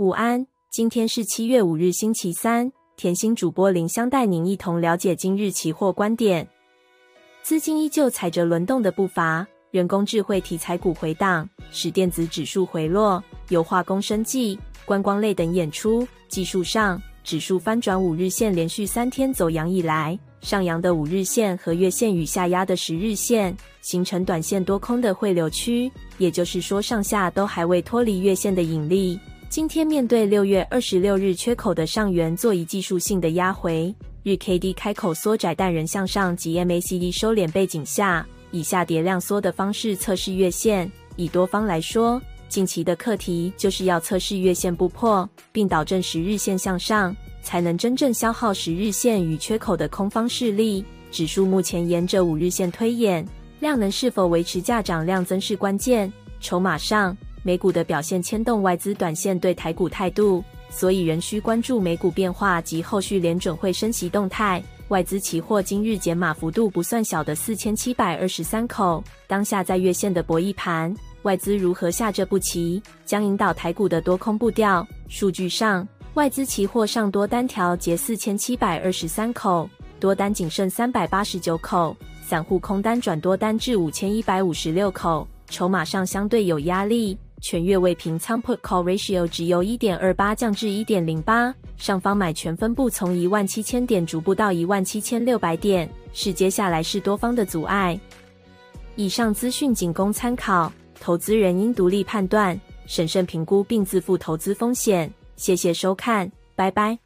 午安，今天是七月五日，星期三。甜心主播林香帶您一同了解今日期貨觀點。資金依舊踩着輪動的步伐，人工智慧題材股回檔，使電子指數回落。由化工、生技、觀光類等演出。技術上，指數翻轉五日線連續三天走揚以來，上揚的五日線和月線與下壓的十日線形成短線多空的匯流區，也就是說，上下都還未脫離月線的引力。今天面對六月二十六日缺口的上緣做一技術性的壓回，日 KD 開口縮窄，但仍向上及 MACD 收斂背景下，以下跌量縮的方式測試月線。以多方來說，近期的課題就是要測試月線不破，並導正十日線向上，才能真正消耗十日線與缺口的空方勢力。指數目前沿着五日線推演，量能是否維持價漲量增是關鍵。籌碼上，美股的表現牽動外資短線對台股態度，所以仍需關注美股變化及後續聯準會升息動態。外資期貨今日減碼幅度不算小的四千七百二十三口，當下在月線的博弈盤，外資如何下這步棋，將引導台股的多空步調。數據上，外資期貨上多單調節四千七百二十三口，多單僅剩三百八十九口，散戶空單轉多單至五千一百五十六口，籌碼上相對有壓力。全月未平倉 Put Call Ratio 值由一點二八降至一點零八，上方買權分布從一萬七千點逐步到一萬七千六百點，是接下來是多方的阻礙。以上資訊僅供參考，投資人應獨立判斷、審慎評估並自負投資風險。謝謝收看，拜拜。